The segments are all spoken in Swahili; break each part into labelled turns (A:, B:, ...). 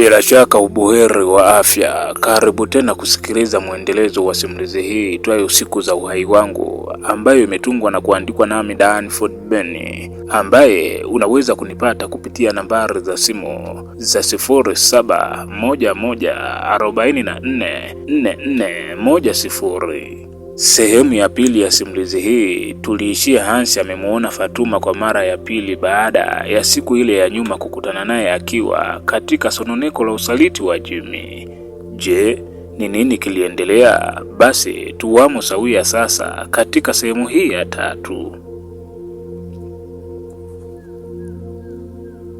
A: Bila shaka ubuheri wa afya. Karibu tena kusikiliza mwendelezo wa simulizi hii itwayo Siku za Uhai Wangu, ambayo imetungwa na kuandikwa nami Danford Ben, ambaye unaweza kunipata kupitia nambari za simu za 0711444410. Sehemu ya pili ya simulizi hii tuliishia Hansi amemuona Fatuma kwa mara ya pili baada ya siku ile ya nyuma kukutana naye akiwa katika sononeko la usaliti wa Jimmy. Je, ni nini kiliendelea? Basi tuwamo sawia sasa katika sehemu hii ya tatu.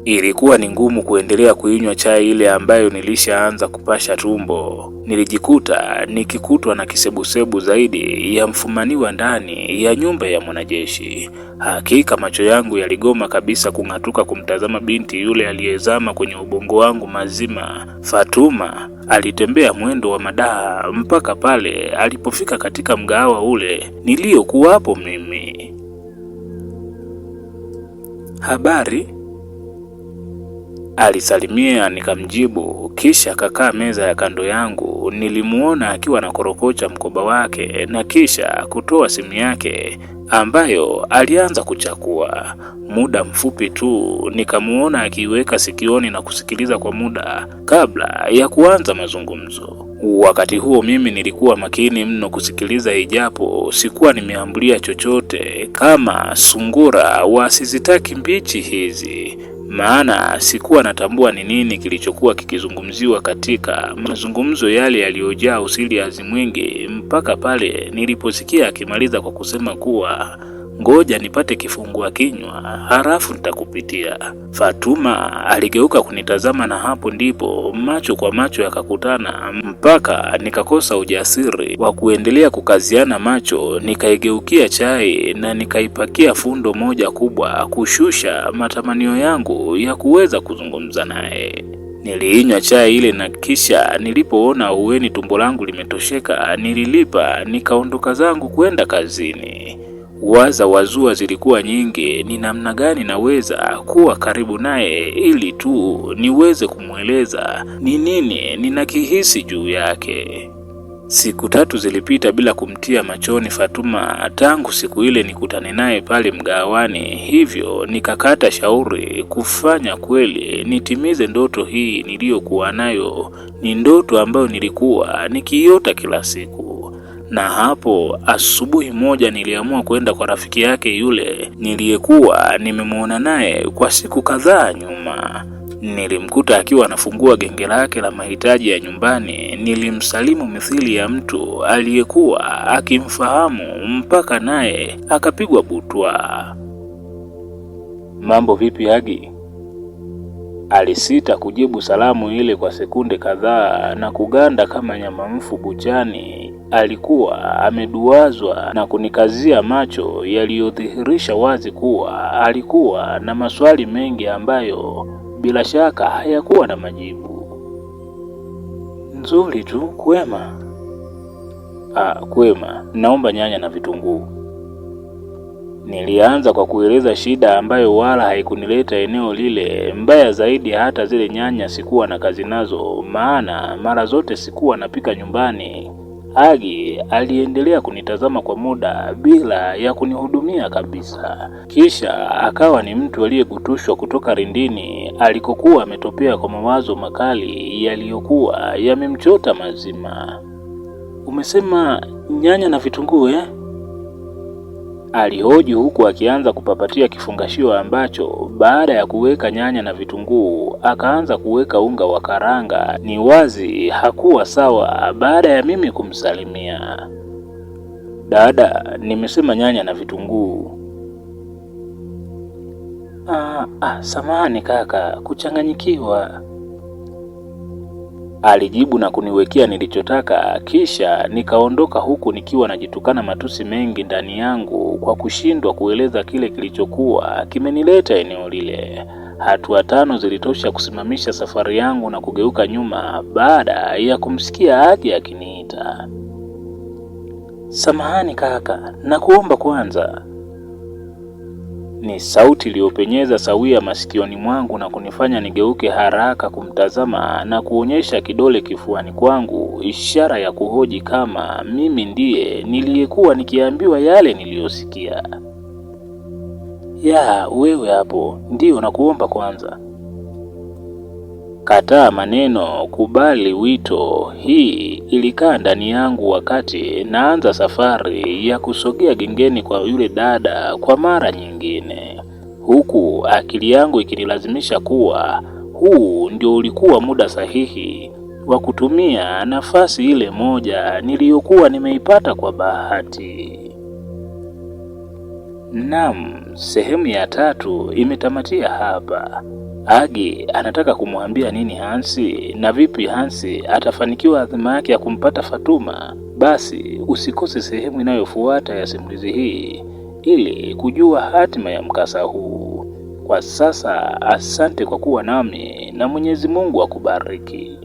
A: Ilikuwa ni ngumu kuendelea kuinywa chai ile ambayo nilishaanza kupasha tumbo. Nilijikuta nikikutwa na kisebusebu zaidi ya mfumaniwa ndani ya nyumba ya mwanajeshi. Hakika macho yangu yaligoma kabisa kung'atuka kumtazama binti yule aliyezama kwenye ubongo wangu mazima. Fatuma alitembea mwendo wa madaha mpaka pale alipofika katika mgahawa ule niliyokuwapo mimi.
B: Habari
A: Alisalimia nikamjibu, kisha akakaa meza ya kando yangu. Nilimuona akiwa anakorokocha mkoba wake na kisha kutoa simu yake ambayo alianza kuchakua. Muda mfupi tu nikamuona akiiweka sikioni na kusikiliza kwa muda kabla ya kuanza mazungumzo. Wakati huo mimi nilikuwa makini mno kusikiliza, ijapo sikuwa nimeambulia chochote kama sungura wasizitaki mbichi hizi, maana sikuwa natambua ni nini kilichokuwa kikizungumziwa katika mazungumzo yale yaliyojaa usiliazi mwingi mpaka pale niliposikia akimaliza kwa kusema kuwa ngoja nipate kifungua kinywa halafu nitakupitia. Fatuma aligeuka kunitazama, na hapo ndipo macho kwa macho yakakutana, mpaka nikakosa ujasiri wa kuendelea kukaziana macho. Nikaigeukia chai na nikaipakia fundo moja kubwa, kushusha matamanio yangu ya kuweza kuzungumza naye. Niliinywa chai ile na kisha nilipoona hueni tumbo langu limetosheka, nililipa nikaondoka zangu kwenda kazini. Waza wazua zilikuwa nyingi, ni namna gani naweza kuwa karibu naye ili tu niweze kumweleza ni nini ninakihisi juu yake. Siku tatu zilipita bila kumtia machoni Fatuma tangu siku ile nikutane naye pale mgawani, hivyo nikakata shauri kufanya kweli nitimize ndoto hii niliyokuwa nayo. Ni ndoto ambayo nilikuwa nikiota kila siku. Na hapo asubuhi moja niliamua kwenda kwa rafiki yake yule niliyekuwa nimemwona naye kwa siku kadhaa nyuma. Nilimkuta akiwa anafungua genge lake la mahitaji ya nyumbani. Nilimsalimu mithili ya mtu aliyekuwa akimfahamu mpaka naye akapigwa butwa.
B: Mambo vipi Agi?
A: Alisita kujibu salamu ile kwa sekunde kadhaa na kuganda kama nyama mfu buchani. Alikuwa ameduazwa na kunikazia macho yaliyodhihirisha wazi kuwa alikuwa na maswali mengi ambayo bila shaka hayakuwa na majibu.
B: Nzuri tu kwema.
A: Ah, kwema, naomba nyanya na vitunguu. Nilianza kwa kueleza shida ambayo wala haikunileta eneo lile. Mbaya zaidi, hata zile nyanya sikuwa na kazi nazo, maana mara zote sikuwa napika nyumbani agi aliendelea kunitazama kwa muda bila ya kunihudumia kabisa, kisha akawa ni mtu aliyegutushwa kutoka rindini alikokuwa ametopea kwa mawazo makali yaliyokuwa yamemchota mazima.
B: Umesema nyanya na vitunguu eh?
A: alihoji huku akianza kupapatia kifungashio ambacho baada ya kuweka nyanya na vitunguu akaanza kuweka unga wa karanga. Ni wazi hakuwa sawa baada ya mimi kumsalimia.
B: Dada, nimesema nyanya na vitunguu. Ah, ah, samahani kaka, kuchanganyikiwa.
A: Alijibu na kuniwekea nilichotaka, kisha nikaondoka huku nikiwa najitukana matusi mengi ndani yangu kwa kushindwa kueleza kile kilichokuwa kimenileta eneo lile. Hatua tano zilitosha kusimamisha safari yangu na kugeuka nyuma baada ya kumsikia aje akiniita.
B: Samahani kaka, nakuomba kwanza
A: ni sauti iliyopenyeza sawia masikioni mwangu na kunifanya nigeuke haraka kumtazama na kuonyesha kidole kifuani kwangu, ishara ya kuhoji kama mimi ndiye niliyekuwa nikiambiwa yale niliyosikia.
B: Ya wewe hapo, ndiyo nakuomba kwanza
A: Kataa maneno, kubali wito. Hii ilikaa ndani yangu wakati naanza safari ya kusogea gengeni kwa yule dada kwa mara nyingine, huku akili yangu ikinilazimisha kuwa huu ndio ulikuwa muda sahihi wa kutumia nafasi ile moja niliyokuwa nimeipata kwa bahati. Naam, sehemu ya tatu imetamatia hapa. Agi anataka kumwambia nini Hansi na vipi Hansi atafanikiwa adhima yake ya kumpata Fatuma? Basi usikose sehemu inayofuata ya simulizi hii ili kujua hatima ya mkasa huu. Kwa sasa, asante kwa kuwa nami na Mwenyezi Mungu akubariki.